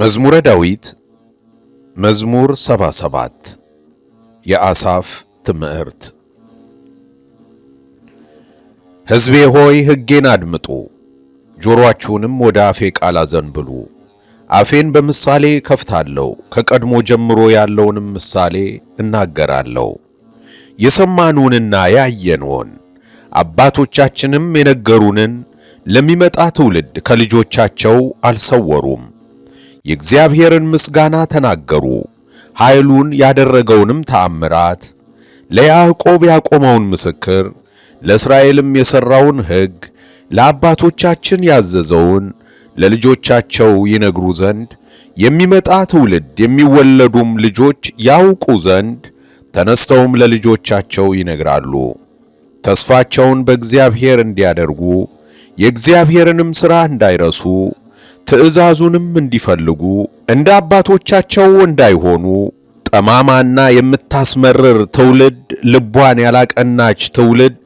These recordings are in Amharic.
መዝሙረ ዳዊት መዝሙር 77 የአሳፍ ትምህርት። ሕዝቤ ሆይ ሕጌን አድምጡ፣ ጆሮአችሁንም ወደ አፌ ቃል አዘንብሉ። አፌን በምሳሌ ከፍታለሁ፣ ከቀድሞ ጀምሮ ያለውንም ምሳሌ እናገራለሁ። የሰማኑንና ያየንውን አባቶቻችንም የነገሩንን ለሚመጣ ትውልድ ከልጆቻቸው አልሰወሩም። የእግዚአብሔርን ምስጋና ተናገሩ፣ ኃይሉን ያደረገውንም ተአምራት፣ ለያዕቆብ ያቆመውን ምስክር፣ ለእስራኤልም የሠራውን ሕግ፣ ለአባቶቻችን ያዘዘውን ለልጆቻቸው ይነግሩ ዘንድ የሚመጣ ትውልድ የሚወለዱም ልጆች ያውቁ ዘንድ ተነስተውም ለልጆቻቸው ይነግራሉ። ተስፋቸውን በእግዚአብሔር እንዲያደርጉ የእግዚአብሔርንም ሥራ እንዳይረሱ ትዕዛዙንም እንዲፈልጉ እንደ አባቶቻቸው እንዳይሆኑ ጠማማና የምታስመርር ትውልድ ልቧን ያላቀናች ትውልድ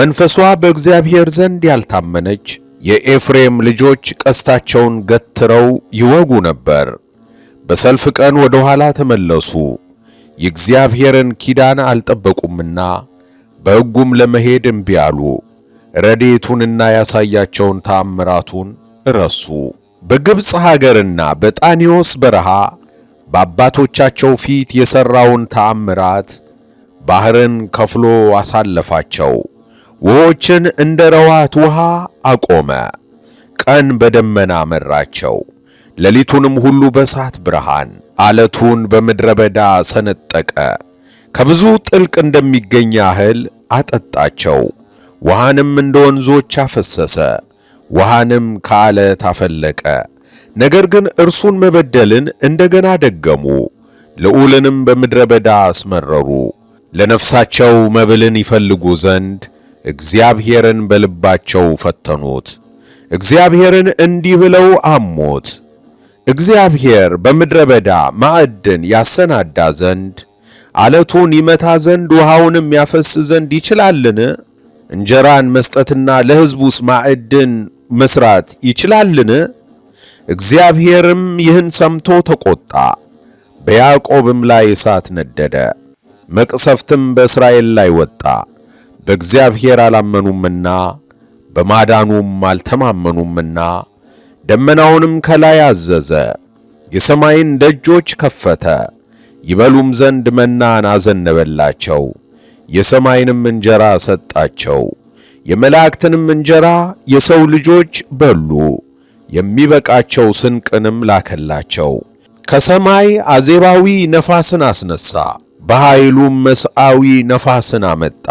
መንፈሷ በእግዚአብሔር ዘንድ ያልታመነች የኤፍሬም ልጆች ቀስታቸውን ገትረው ይወጉ ነበር። በሰልፍ ቀን ወደ ኋላ ተመለሱ፣ የእግዚአብሔርን ኪዳን አልጠበቁምና በሕጉም ለመሄድ እምቢ አሉ። ረዴቱንና ያሳያቸውን ታምራቱን ረሱ። በግብፅ ሀገርና በጣኒዎስ በረሃ በአባቶቻቸው ፊት የሠራውን ተአምራት ባሕርን ከፍሎ አሳለፋቸው። ውሆችን እንደ ረዋት ውሃ አቆመ። ቀን በደመና መራቸው፣ ሌሊቱንም ሁሉ በእሳት ብርሃን። አለቱን በምድረ በዳ ሰነጠቀ፣ ከብዙ ጥልቅ እንደሚገኝ ያህል አጠጣቸው። ውሃንም እንደ ወንዞች አፈሰሰ። ውሃንም ከዓለት አፈለቀ። ነገር ግን እርሱን መበደልን እንደገና ደገሙ፣ ልዑልንም በምድረ በዳ አስመረሩ። ለነፍሳቸው መብልን ይፈልጉ ዘንድ እግዚአብሔርን በልባቸው ፈተኑት። እግዚአብሔርን እንዲህ ብለው አሞት። እግዚአብሔር በምድረ በዳ ማዕድን ያሰናዳ ዘንድ ዓለቱን ይመታ ዘንድ ውሃውንም ያፈስ ዘንድ ይችላልን? እንጀራን መስጠትና ለሕዝቡስ ማዕድን መስራት ይችላልን? እግዚአብሔርም ይህን ሰምቶ ተቆጣ፣ በያዕቆብም ላይ እሳት ነደደ፣ መቅሰፍትም በእስራኤል ላይ ወጣ። በእግዚአብሔር አላመኑምና በማዳኑም አልተማመኑምና ደመናውንም ከላይ አዘዘ፣ የሰማይን ደጆች ከፈተ፣ ይበሉም ዘንድ መናን አዘነበላቸው፣ የሰማይንም እንጀራ ሰጣቸው። የመላእክትንም እንጀራ የሰው ልጆች በሉ፣ የሚበቃቸው ስንቅንም ላከላቸው። ከሰማይ አዜባዊ ነፋስን አስነሣ፣ በኃይሉም መስዓዊ ነፋስን አመጣ።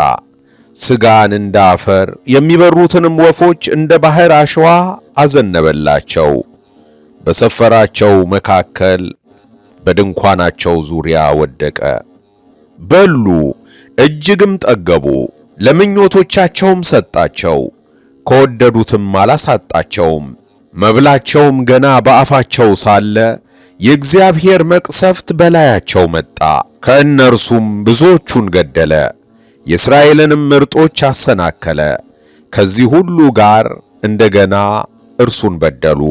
ሥጋን እንደ አፈር የሚበሩትንም ወፎች እንደ ባሕር አሸዋ አዘነበላቸው። በሰፈራቸው መካከል በድንኳናቸው ዙሪያ ወደቀ። በሉ እጅግም ጠገቡ። ለምኞቶቻቸውም ሰጣቸው፣ ከወደዱትም አላሳጣቸውም። መብላቸውም ገና በአፋቸው ሳለ የእግዚአብሔር መቅሰፍት በላያቸው መጣ፣ ከእነርሱም ብዙዎቹን ገደለ፣ የእስራኤልንም ምርጦች አሰናከለ። ከዚህ ሁሉ ጋር እንደገና እርሱን በደሉ፣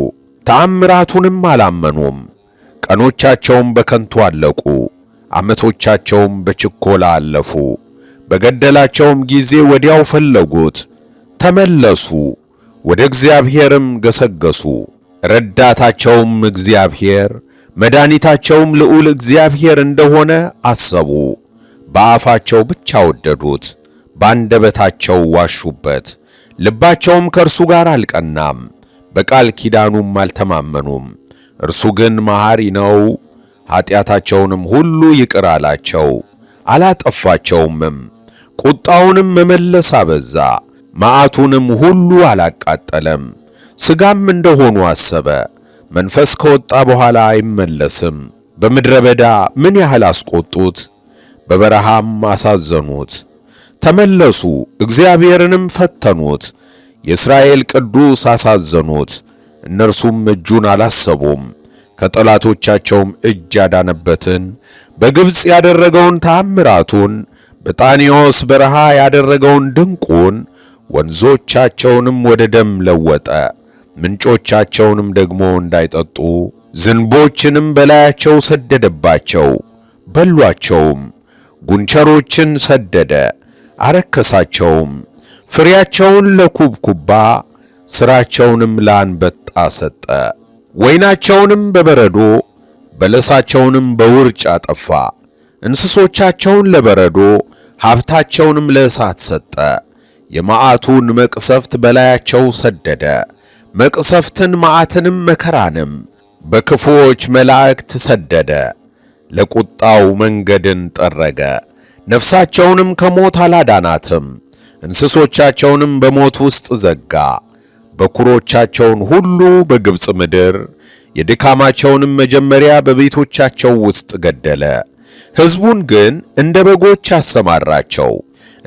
ተአምራቱንም አላመኑም። ቀኖቻቸውም በከንቱ አለቁ፣ ዓመቶቻቸውም በችኮላ አለፉ። በገደላቸውም ጊዜ ወዲያው ፈለጉት፣ ተመለሱ፣ ወደ እግዚአብሔርም ገሰገሱ። ረዳታቸውም እግዚአብሔር መድኃኒታቸውም ልዑል እግዚአብሔር እንደሆነ አሰቡ። በአፋቸው ብቻ ወደዱት፣ በአንደበታቸው ዋሹበት። ልባቸውም ከእርሱ ጋር አልቀናም፣ በቃል ኪዳኑም አልተማመኑም። እርሱ ግን መሐሪ ነው፣ ኀጢአታቸውንም ሁሉ ይቅር አላቸው። አላጠፋቸውምም። ቁጣውንም መመለስ አበዛ፣ መዓቱንም ሁሉ አላቃጠለም። ሥጋም እንደሆኑ አሰበ፣ መንፈስ ከወጣ በኋላ አይመለስም። በምድረ በዳ ምን ያህል አስቆጡት፣ በበረሃም አሳዘኑት። ተመለሱ፣ እግዚአብሔርንም ፈተኑት፣ የእስራኤል ቅዱስ አሳዘኑት። እነርሱም እጁን አላሰቡም። ከጠላቶቻቸውም እጅ ያዳነበትን በግብፅ ያደረገውን ታምራቱን በጣኒዮስ በረሃ ያደረገውን ድንቁን ወንዞቻቸውንም ወደ ደም ለወጠ። ምንጮቻቸውንም ደግሞ እንዳይጠጡ ዝንቦችንም በላያቸው ሰደደባቸው፣ በሏቸውም። ጉንቸሮችን ሰደደ፣ አረከሳቸውም። ፍሬያቸውን ለኩብኩባ ሥራቸውንም ለአንበጣ ሰጠ። ወይናቸውንም በበረዶ በለሳቸውንም በውርጭ አጠፋ። እንስሶቻቸውን ለበረዶ ሀብታቸውንም ለእሳት ሰጠ። የመዓቱን መቅሰፍት በላያቸው ሰደደ። መቅሰፍትን መዓትንም መከራንም በክፉዎች መላእክት ሰደደ። ለቁጣው መንገድን ጠረገ። ነፍሳቸውንም ከሞት አላዳናትም። እንስሶቻቸውንም በሞት ውስጥ ዘጋ። በኩሮቻቸውን ሁሉ በግብፅ ምድር የድካማቸውንም መጀመሪያ በቤቶቻቸው ውስጥ ገደለ። ሕዝቡን ግን እንደ በጎች አሰማራቸው፣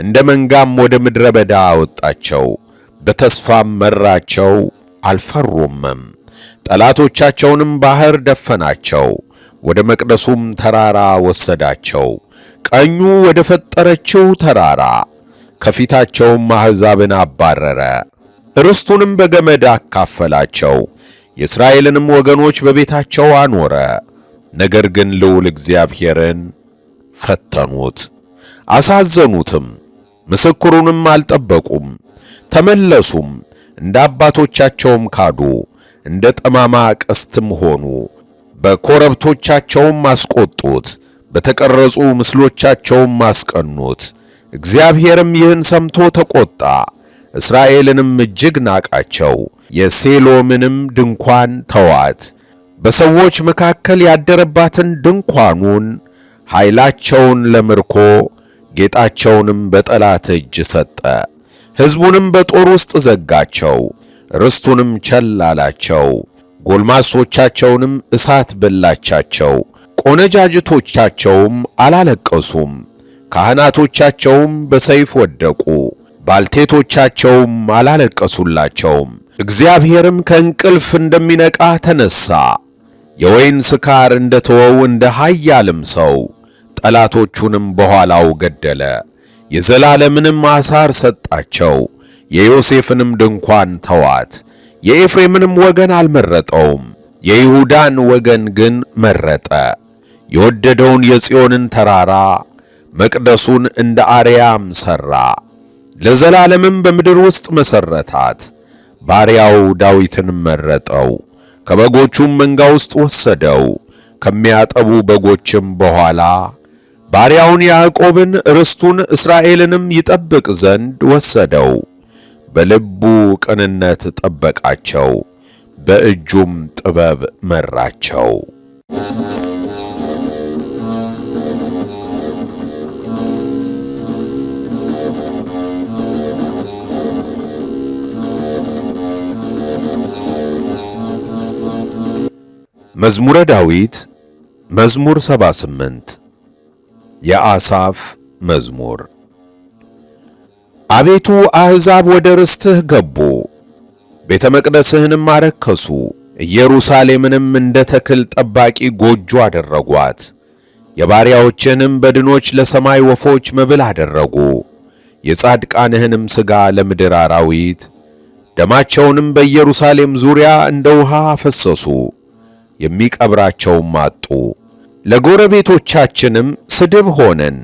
እንደ መንጋም ወደ ምድረ በዳ አወጣቸው። በተስፋም መራቸው፣ አልፈሩምም። ጠላቶቻቸውንም ባሕር ደፈናቸው፣ ወደ መቅደሱም ተራራ ወሰዳቸው። ቀኙ ወደ ፈጠረችው ተራራ ከፊታቸውም አሕዛብን አባረረ። ርስቱንም በገመድ አካፈላቸው። የእስራኤልንም ወገኖች በቤታቸው አኖረ። ነገር ግን ልዑል እግዚአብሔርን ፈተኑት፣ አሳዘኑትም፣ ምስክሩንም አልጠበቁም። ተመለሱም፣ እንደ አባቶቻቸውም ካዱ፣ እንደ ጠማማ ቀስትም ሆኑ። በኮረብቶቻቸውም አስቆጡት፣ በተቀረጹ ምስሎቻቸውም አስቀኑት። እግዚአብሔርም ይህን ሰምቶ ተቆጣ እስራኤልንም እጅግ ናቃቸው። የሴሎምንም ድንኳን ተዋት፣ በሰዎች መካከል ያደረባትን ድንኳኑን፣ ኃይላቸውን ለምርኮ ጌጣቸውንም በጠላት እጅ ሰጠ። ሕዝቡንም በጦር ውስጥ ዘጋቸው፣ ርስቱንም ቸል አላቸው። ጎልማሶቻቸውንም እሳት በላቻቸው፣ ቆነጃጅቶቻቸውም አላለቀሱም፣ ካህናቶቻቸውም በሰይፍ ወደቁ። ባልቴቶቻቸውም አላለቀሱላቸውም። እግዚአብሔርም ከእንቅልፍ እንደሚነቃ ተነሳ። የወይን ስካር እንደ ተወው እንደ ኃያልም ሰው ጠላቶቹንም በኋላው ገደለ። የዘላለምንም አሳር ሰጣቸው። የዮሴፍንም ድንኳን ተዋት። የኤፍሬምንም ወገን አልመረጠውም፣ የይሁዳን ወገን ግን መረጠ። የወደደውን የጽዮንን ተራራ መቅደሱን እንደ አርያም ሠራ። ለዘላለምም በምድር ውስጥ መሰረታት። ባሪያው ዳዊትን መረጠው፣ ከበጎቹም መንጋ ውስጥ ወሰደው። ከሚያጠቡ በጎችም በኋላ ባሪያውን ያዕቆብን ርስቱን እስራኤልንም ይጠብቅ ዘንድ ወሰደው። በልቡ ቅንነት ጠበቃቸው፣ በእጁም ጥበብ መራቸው። መዝሙረ ዳዊት መዝሙር 78 የአሳፍ መዝሙር። አቤቱ አሕዛብ ወደ ርስትህ ገቡ፣ ቤተ መቅደስህንም አረከሱ። ኢየሩሳሌምንም እንደ ተክል ጠባቂ ጎጆ አደረጓት። የባሪያዎችህንም በድኖች ለሰማይ ወፎች መብል አደረጉ። የጻድቃንህንም ሥጋ ለምድር አራዊት፣ ደማቸውንም በኢየሩሳሌም ዙሪያ እንደ ውሃ አፈሰሱ። የሚቀብራቸውም አጡ። ለጎረቤቶቻችንም ስድብ ሆነን፣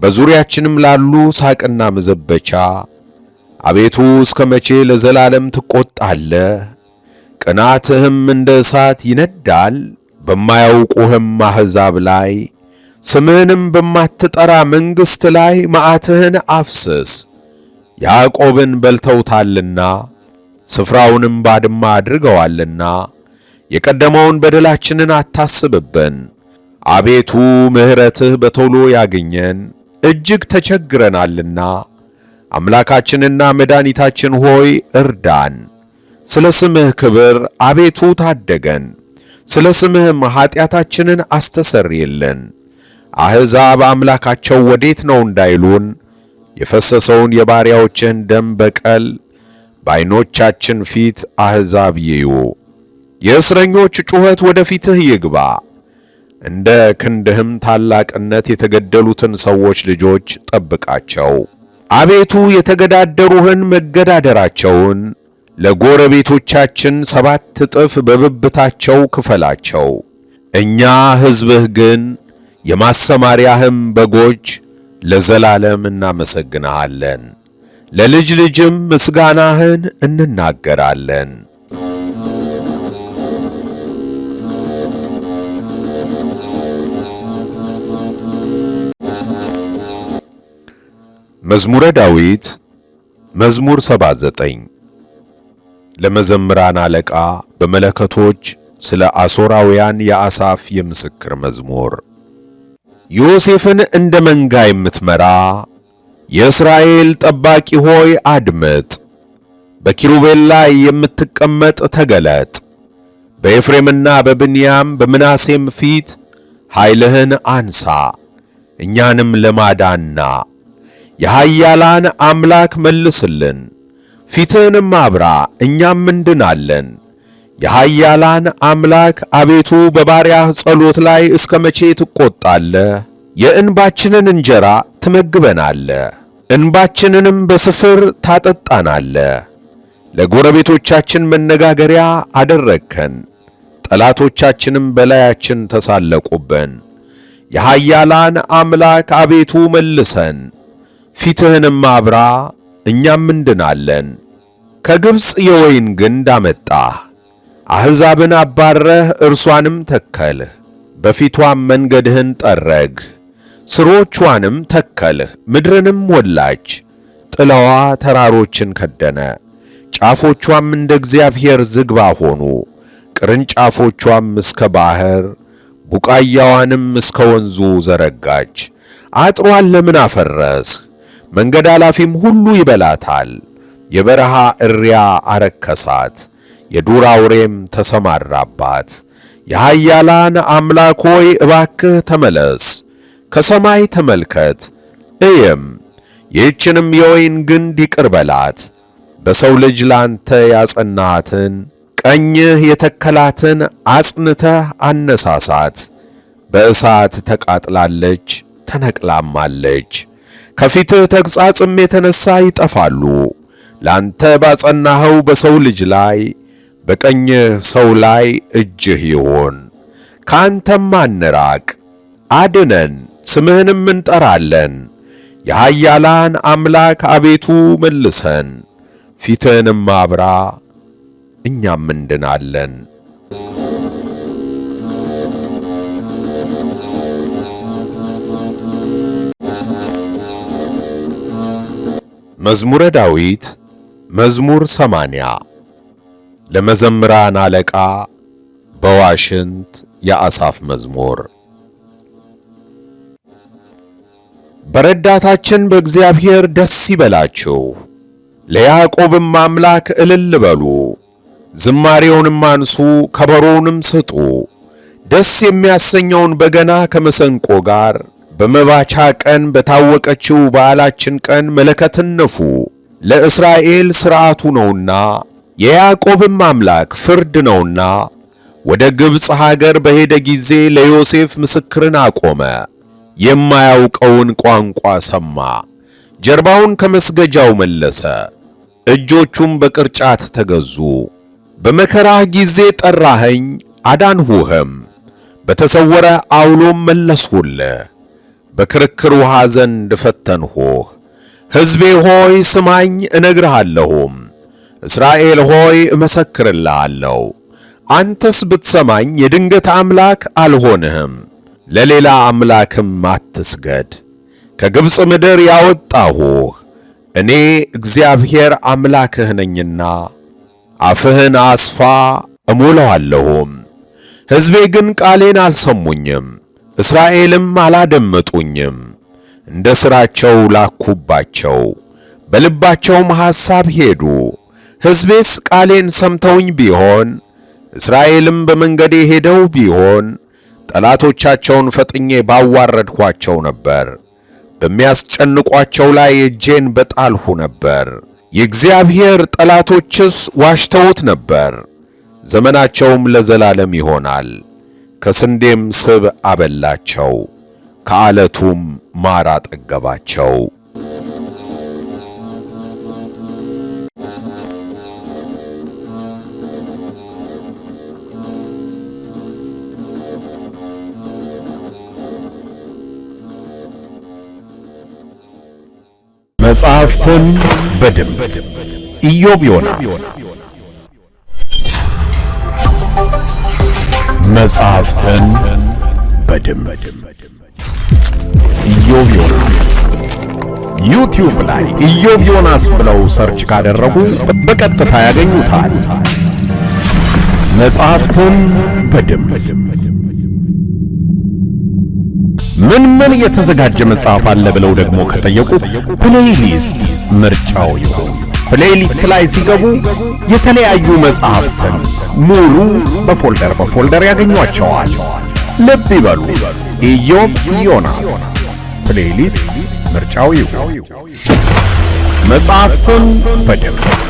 በዙሪያችንም ላሉ ሳቅና መዘበቻ። አቤቱ እስከ መቼ ለዘላለም ትቆጣለህ? ቅናትህም እንደ እሳት ይነዳል በማያውቁህም አሕዛብ ላይ ስምህንም በማትጠራ መንግሥት ላይ መዓትህን አፍስስ። ያዕቆብን በልተውታልና ስፍራውንም ባድማ አድርገዋልና የቀደመውን በደላችንን አታስብብን። አቤቱ ምሕረትህ በቶሎ ያግኘን፣ እጅግ ተቸግረናልና። አምላካችንና መድኃኒታችን ሆይ እርዳን። ስለ ስምህ ክብር አቤቱ ታደገን፣ ስለ ስምህም ኀጢአታችንን አስተሰርይልን። አሕዛብ አምላካቸው ወዴት ነው እንዳይሉን የፈሰሰውን የባሪያዎችህን ደም በቀል በዐይኖቻችን ፊት አሕዛብ ይዩ። የእስረኞች ጩኸት ወደ ፊትህ ይግባ። እንደ ክንድህም ታላቅነት የተገደሉትን ሰዎች ልጆች ጠብቃቸው። አቤቱ የተገዳደሩህን መገዳደራቸውን ለጎረቤቶቻችን ሰባት እጥፍ በብብታቸው ክፈላቸው። እኛ ሕዝብህ ግን የማሰማሪያህም በጎች ለዘላለም እናመሰግንሃለን፣ ለልጅ ልጅም ምስጋናህን እንናገራለን። መዝሙረ ዳዊት መዝሙር 79 ለመዘምራን አለቃ በመለከቶች ስለ አሦራውያን የአሳፍ የምስክር መዝሙር። ዮሴፍን እንደ መንጋ የምትመራ የእስራኤል ጠባቂ ሆይ አድምጥ። በኪሩቤል ላይ የምትቀመጥ ተገለጥ። በኤፍሬምና በብንያም በምናሴም ፊት ኃይልህን አንሳ፣ እኛንም ለማዳና የኃያላን አምላክ መልስልን፣ ፊትህንም አብራ እኛም እንድናለን። የኃያላን አምላክ አቤቱ በባሪያህ ጸሎት ላይ እስከ መቼ ትቈጣለህ? የእንባችንን እንጀራ ትመግበናለህ፣ እንባችንንም በስፍር ታጠጣናለህ። ለጎረቤቶቻችን መነጋገሪያ አደረግከን፣ ጠላቶቻችንም በላያችን ተሳለቁብን። የኃያላን አምላክ አቤቱ መልሰን ፊትህንም አብራ እኛም እንድናለን። ከግብፅ የወይን ግንድ አመጣህ፣ አሕዛብን አባረህ እርሷንም ተከልህ። በፊቷም መንገድህን ጠረግ፣ ስሮቿንም ተከልህ። ምድርንም ሞላች፣ ጥላዋ ተራሮችን ከደነ። ጫፎቿም እንደ እግዚአብሔር ዝግባ ሆኑ፣ ቅርንጫፎቿም እስከ ባሕር ቡቃያዋንም እስከ ወንዙ ዘረጋች። አጥሯን ለምን አፈረስህ? መንገድ አላፊም ሁሉ ይበላታል። የበረሃ እሪያ አረከሳት፣ የዱር አውሬም ተሰማራባት። የኃያላን አምላክ ሆይ እባክህ ተመለስ፣ ከሰማይ ተመልከት እየም፣ ይህችንም የወይን ግንድ ይቅር በላት። በሰው ልጅ ላንተ ያጸናሃትን ቀኝህ የተከላትን አጽንተህ አነሳሳት። በእሳት ተቃጥላለች፣ ተነቅላማለች። ከፊትህ ተግሣጽም የተነሣ ይጠፋሉ። ላንተ ባጸናኸው በሰው ልጅ ላይ በቀኝ ሰው ላይ እጅህ ይሁን። ከአንተም አንራቅ፣ አድነን፣ ስምህንም እንጠራለን። የኃያላን አምላክ አቤቱ መልሰን፣ ፊትህንም አብራ፣ እኛም እንድናለን። መዝሙረ ዳዊት መዝሙር ሰማንያ ለመዘምራን አለቃ በዋሽንት የአሳፍ መዝሙር። በረዳታችን በእግዚአብሔር ደስ ይበላችሁ፣ ለያዕቆብም አምላክ እልል በሉ። ዝማሬውንም አንሱ፣ ከበሮውንም ስጡ፣ ደስ የሚያሰኘውን በገና ከመሰንቆ ጋር በመባቻ ቀን በታወቀችው በዓላችን ቀን መለከትን ንፉ፣ ለእስራኤል ሥርዓቱ ነውና የያዕቆብም አምላክ ፍርድ ነውና። ወደ ግብፅ ሀገር በሄደ ጊዜ ለዮሴፍ ምስክርን አቆመ፣ የማያውቀውን ቋንቋ ሰማ። ጀርባውን ከመስገጃው መለሰ፣ እጆቹም በቅርጫት ተገዙ። በመከራህ ጊዜ ጠራኸኝ፣ አዳንሁህም፣ በተሰወረ አውሎም መለስሁልህ። በክርክር ውሃ ዘንድ ፈተንሁህ። ሕዝቤ ሆይ ስማኝ እነግርሃለሁም፣ እስራኤል ሆይ እመሰክርልሃለሁ። አንተስ ብትሰማኝ የድንገት አምላክ አልሆንህም፣ ለሌላ አምላክም አትስገድ። ከግብፅ ምድር ያወጣሁህ እኔ እግዚአብሔር አምላክህ ነኝና አፍህን አስፋ እሞላዋለሁም። ሕዝቤ ግን ቃሌን አልሰሙኝም እስራኤልም አላደመጡኝም፣ እንደ ሥራቸው ላኩባቸው፣ በልባቸውም ሐሳብ ሄዱ። ሕዝቤስ ቃሌን ሰምተውኝ ቢሆን እስራኤልም በመንገዴ ሄደው ቢሆን ጠላቶቻቸውን ፈጥኜ ባዋረድኋቸው ነበር፣ በሚያስጨንቋቸው ላይ እጄን በጣልሁ ነበር። የእግዚአብሔር ጠላቶችስ ዋሽተውት ነበር፣ ዘመናቸውም ለዘላለም ይሆናል። ከስንዴም ስብ አበላቸው፣ ከዓለቱም ማር አጠገባቸው። መጽሐፍትን በድምፅ ኢዮብ ዮናስ መጽሐፍትን በድምፅ ኢዮብ ዮናስ ዩቲዩብ ላይ ኢዮብ ዮናስ ብለው ሰርች ካደረጉ በቀጥታ ያገኙታል። መጽሐፍትን በድምፅ ምን ምን የተዘጋጀ መጽሐፍ አለ ብለው ደግሞ ከጠየቁ ፕሌይሊስት ምርጫው ይሆናል። ፕሌይሊስት ላይ ሲገቡ የተለያዩ መጽሐፍትን ሙሉ በፎልደር በፎልደር ያገኟቸዋል። ልብ ይበሉ፣ ኢዮብ ዮናስ ፕሌይሊስት ምርጫው ይሁን። መጻሕፍትን በድምፅ